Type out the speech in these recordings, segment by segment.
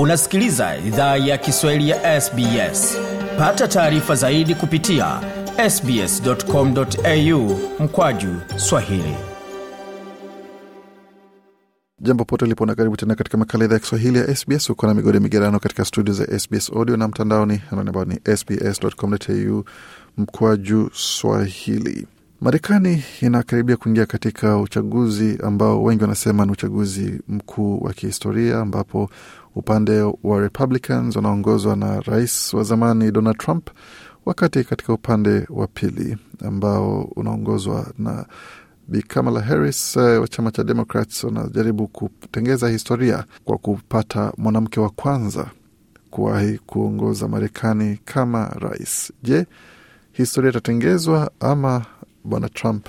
unasikiliza idhaa ya kiswahili ya sbs pata taarifa zaidi kupitia sbscomau mkwaju swahili jambo pote ulipo na karibu tena katika makala idhaa ya kiswahili ya sbs huko na migodi migerano katika studio za sbs audio na mtandaoni anani ambao ni sbscomau mkwaju swahili Marekani inakaribia kuingia katika uchaguzi ambao wengi wanasema ni uchaguzi mkuu wa kihistoria, ambapo Upande wa Republicans wanaongozwa na rais wa zamani Donald Trump, wakati katika upande wa pili ambao unaongozwa na Bi Kamala Harris eh, wa chama cha Democrats wanajaribu kutengeza historia kwa kupata mwanamke wa kwanza kuwahi kuongoza Marekani kama rais. Je, historia itatengezwa ama bwana Trump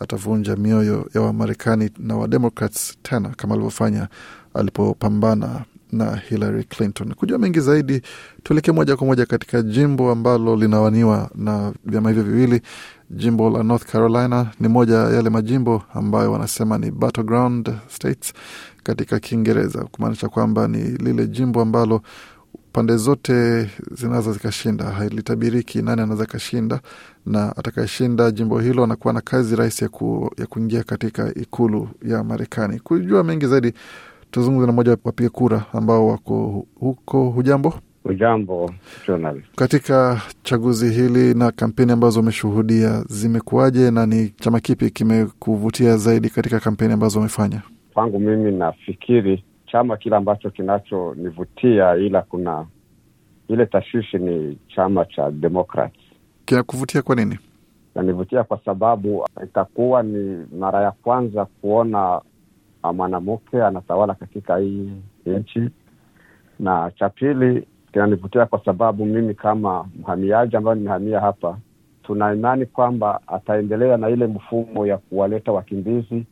atavunja mioyo ya Wamarekani na Wademokrats tena kama alivyofanya alipopambana na Hillary Clinton. Kujua mengi zaidi, tuelekee moja kwa moja katika jimbo ambalo linawaniwa na vyama hivyo viwili. Jimbo la North Carolina ni moja ya yale majimbo ambayo wanasema ni battleground states katika Kiingereza, kumaanisha kwamba ni lile jimbo ambalo pande zote zinaweza zikashinda. Halitabiriki nani anaweza kashinda, na atakayeshinda jimbo hilo anakuwa na kazi rahisi ya, ku, ya kuingia katika ikulu ya Marekani. Kujua mengi zaidi tuzungumze na mmoja wapiga kura ambao wako huko. Hujambo? Hujambo Jonal. Katika chaguzi hili na kampeni ambazo umeshuhudia zimekuwaje, na ni chama kipi kimekuvutia zaidi katika kampeni ambazo umefanya? Kwangu mimi nafikiri chama kile ambacho kinachonivutia, ila kuna ile tashwishi, ni chama cha Democrats. Kinakuvutia kwa nini? Nanivutia kwa sababu itakuwa ni mara ya kwanza kuona Ah, mwanamke anatawala katika hii nchi. Na cha pili kinanivutia kwa sababu mimi kama mhamiaji ambayo nimehamia hapa, tuna imani kwamba ataendelea na ile mfumo ya kuwaleta wakimbizi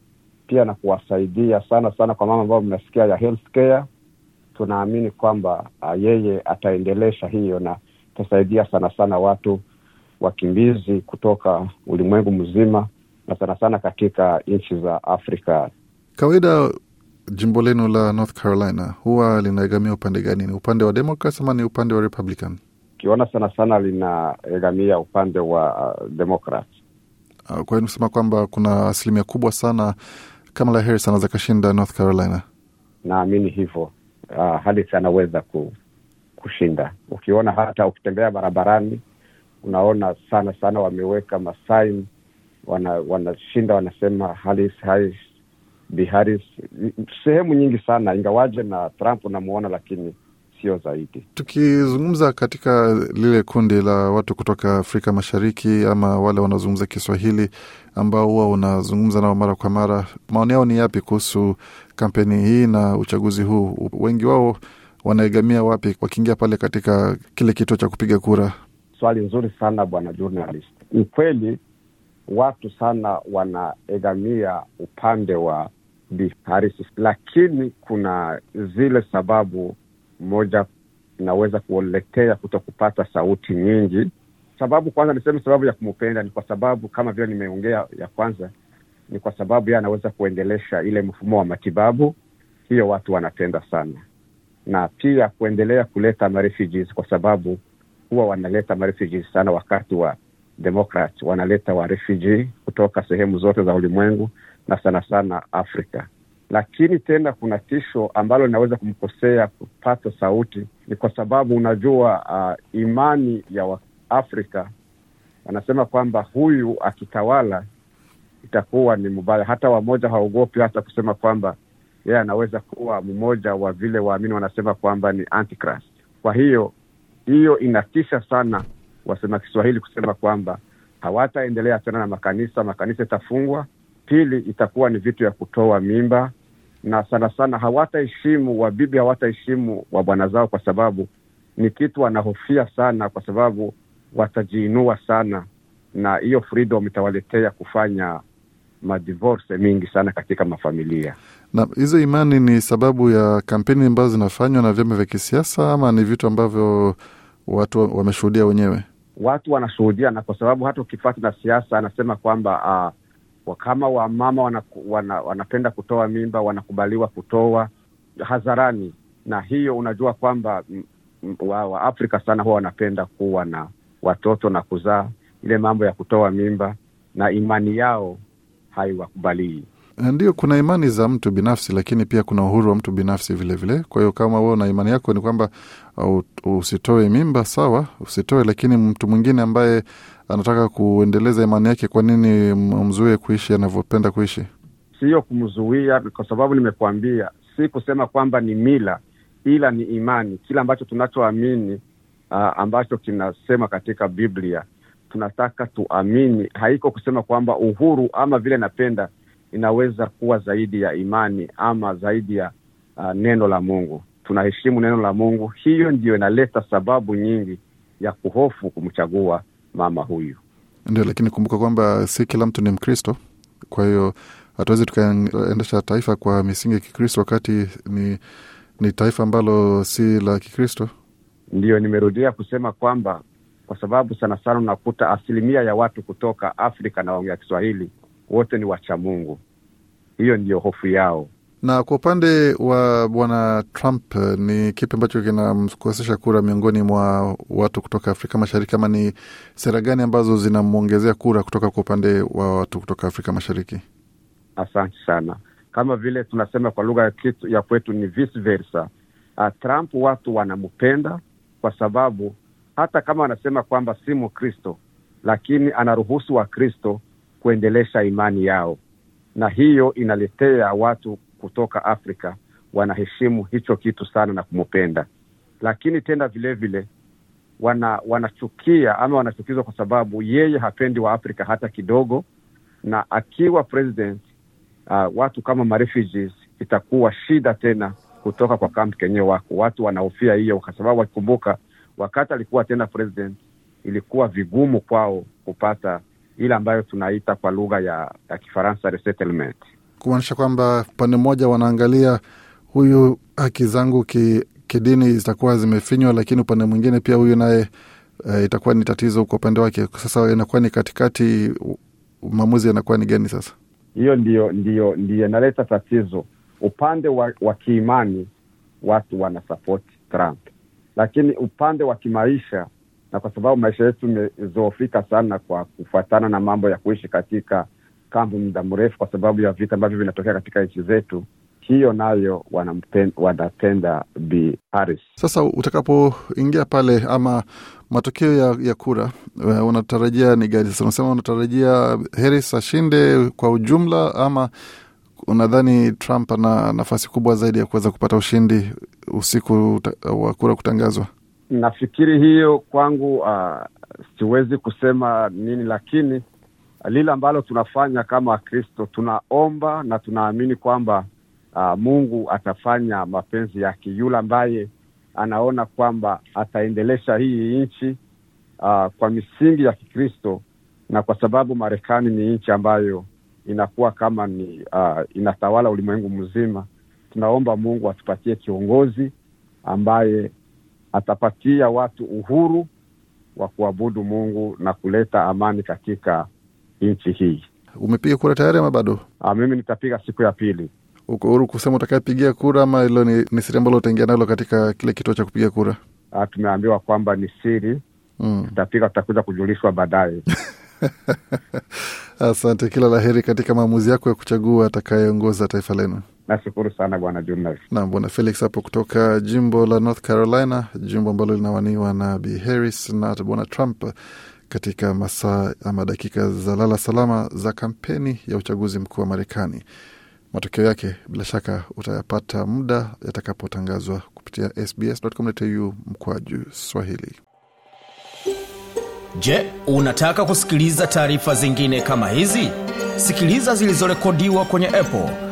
pia na kuwasaidia sana sana. Kwa mama ambayo mnasikia ya healthcare, tunaamini kwamba ah, yeye ataendelesha hiyo na itasaidia sana sana watu wakimbizi kutoka ulimwengu mzima na sana sana katika nchi za Afrika Kawaida jimbo lenu la North Carolina huwa linaegamia upande gani? Ni upande wa Democrats ama ni upande wa Republican? Ukiona sana sana linaegamia upande wa uh, Democrats. Uh, kwa hiyo nikusema kwamba kuna asilimia kubwa sana Kamala Harris anaweza kashinda North Carolina. Naamini hivyo. Uh, ah, Harris anaweza ku, kushinda. Ukiona hata ukitembea barabarani unaona sana sana wameweka wanashinda wana, wanashinda wanasema Harris, Harris Harris sehemu nyingi sana, ingawaje na Trump unamwona lakini sio zaidi. Tukizungumza katika lile kundi la watu kutoka Afrika Mashariki ama wale wanaozungumza Kiswahili ambao huwa unazungumza nao mara kwa mara, maoni yao ni yapi kuhusu kampeni hii na uchaguzi huu? Wengi wao wanaegamia wapi wakiingia pale katika kile kituo cha kupiga kura? Swali nzuri sana bwana journalist. Ni kweli watu sana wanaegamia upande wa Bi Harris, lakini kuna zile sababu moja inaweza kuoletea kuto kupata sauti nyingi. Sababu kwanza, niseme sababu ya kumupenda ni kwa sababu kama vile nimeongea ya kwanza, ni kwa sababu yeye anaweza kuendelesha ile mfumo wa matibabu, hiyo watu wanapenda sana, na pia kuendelea kuleta marefugees, kwa sababu huwa wanaleta marefugees sana wakati wa Democrat wanaleta wa refugee kutoka sehemu zote za ulimwengu na sana sana Afrika. Lakini tena kuna tisho ambalo linaweza kumkosea kupata sauti, ni kwa sababu unajua, uh, imani ya Waafrika wanasema kwamba huyu akitawala itakuwa ni mbaya. Hata wamoja haogopi hata kusema kwamba yeye anaweza kuwa mmoja wa vile waamini wanasema kwamba ni Antichrist. Kwa hiyo hiyo inatisha sana wasema Kiswahili kusema kwamba hawataendelea tena na makanisa, makanisa itafungwa. Pili, itakuwa ni vitu ya kutoa mimba, na sana sana hawataheshimu wabibi, hawataheshimu bwana zao, kwa sababu ni kitu wanahofia sana, kwa sababu watajiinua sana, na hiyo freedom itawaletea kufanya madivorce mingi sana katika mafamilia. Na hizo imani ni sababu ya kampeni ambazo zinafanywa na vyama vya kisiasa, ama ni vitu ambavyo watu wameshuhudia wenyewe? watu wanashuhudia na kwa sababu hata ukifuata na siasa anasema kwamba uh, kama wamama wana, wana, wanapenda kutoa mimba wanakubaliwa kutoa hadharani, na hiyo unajua kwamba Waafrika wa sana huwa wanapenda kuwa na watoto na kuzaa. Ile mambo ya kutoa mimba na imani yao haiwakubalii. Eh, ndio, kuna imani za mtu binafsi, lakini pia kuna uhuru wa mtu binafsi vilevile vile. Kwa hiyo kama wewe na imani yako ni kwamba uh, usitoe mimba, sawa, usitoe, lakini mtu mwingine ambaye anataka kuendeleza imani yake, kwa nini mzuie kuishi anavyopenda kuishi? Siyo kumzuia, kwa sababu nimekuambia, si kusema kwamba ni mila, ila ni imani, kile ambacho tunachoamini, uh, ambacho kinasema katika Biblia tunataka tuamini. Haiko kusema kwamba uhuru ama vile napenda inaweza kuwa zaidi ya imani ama zaidi ya uh, neno la Mungu. Tunaheshimu neno la Mungu, hiyo ndiyo inaleta sababu nyingi ya kuhofu kumchagua mama huyu. Ndio, lakini kumbuka kwamba si kila mtu ni Mkristo, kwa hiyo hatuwezi tukaendesha taifa kwa misingi ya Kikristo wakati ni, ni taifa ambalo si la Kikristo. Ndiyo, nimerudia kusema kwamba kwa sababu sana sana unakuta asilimia ya watu kutoka Afrika na waongea Kiswahili wote ni wachamungu. Hiyo ndiyo hofu yao. Na kwa upande wa bwana Trump, ni kipi ambacho kinamkosesha kura miongoni mwa watu kutoka Afrika Mashariki, ama ni sera gani ambazo zinamwongezea kura kutoka kwa upande wa watu kutoka Afrika Mashariki? Asante sana. Kama vile tunasema kwa lugha ya kwetu ni vice versa. Uh, Trump watu wanampenda kwa sababu hata kama anasema kwamba si Mkristo, lakini anaruhusu Wakristo kuendelesha imani yao, na hiyo inaletea watu kutoka Afrika wanaheshimu hicho kitu sana na kumupenda, lakini tena vilevile vile, wana wanachukia ama wanachukizwa kwa sababu yeye hapendi wa Afrika hata kidogo, na akiwa president uh, watu kama marefugees itakuwa shida tena kutoka kwa kamp kenyewe wako. Watu wanahofia hiyo, kwa sababu wakikumbuka wakati alikuwa tena president, ilikuwa vigumu kwao kupata ile ambayo tunaita kwa lugha ya, ya Kifaransa resettlement, kumaanisha kwamba upande mmoja wanaangalia huyu haki zangu ki, kidini zitakuwa zimefinywa, lakini upande mwingine pia huyu naye e, itakuwa ni tatizo kwa upande wake. Sasa inakuwa ni katikati, maamuzi yanakuwa ni gani? Sasa hiyo ndio ndio ndio inaleta tatizo. Upande wa, wa kiimani watu wanasapoti Trump, lakini upande wa kimaisha na kwa sababu maisha yetu imezoofika sana kwa kufuatana na mambo ya kuishi katika kambi muda mrefu, kwa sababu ya vita ambavyo vinatokea katika nchi zetu. Hiyo nayo wanapenda Bi Harris. Sasa utakapoingia pale ama matokeo ya, ya kura eh, unatarajia ni gari Sasa unasema unatarajia Harris ashinde kwa ujumla ama unadhani Trump ana nafasi kubwa zaidi ya kuweza kupata ushindi usiku wa kura kutangazwa? Nafikiri hiyo kwangu, uh, siwezi kusema nini, lakini lile ambalo tunafanya kama Wakristo tunaomba na tunaamini kwamba uh, Mungu atafanya mapenzi yake. Yule ambaye anaona kwamba ataendelesha hii nchi uh, kwa misingi ya Kikristo na kwa sababu Marekani ni nchi ambayo inakuwa kama ni uh, inatawala ulimwengu mzima, tunaomba Mungu atupatie kiongozi ambaye atapatia watu uhuru wa kuabudu Mungu na kuleta amani katika nchi hii. Umepiga kura tayari ama bado? Ah, mimi nitapiga siku ya pili. Uko huru kusema utakayepigia kura ama ilo ni, ni siri ambalo utaingia nalo katika kile kituo cha kupiga kura? Ah, tumeambiwa kwamba ni siri. Mm. Tutapiga, tutakuja kujulishwa baadaye. Asante, kila laheri katika maamuzi yako ya kuchagua atakayeongoza taifa lenu. Nashukuru sana bwana Jonas. bwana Felix hapo kutoka jimbo la North Carolina, jimbo ambalo linawaniwa na b Harris na hata bwana Trump katika masaa ama dakika za lala salama za kampeni ya uchaguzi mkuu wa Marekani. Matokeo yake bila shaka utayapata muda yatakapotangazwa kupitia sbs.com.au mkwaju Swahili. Je, unataka kusikiliza taarifa zingine kama hizi? Sikiliza zilizorekodiwa kwenye Apple,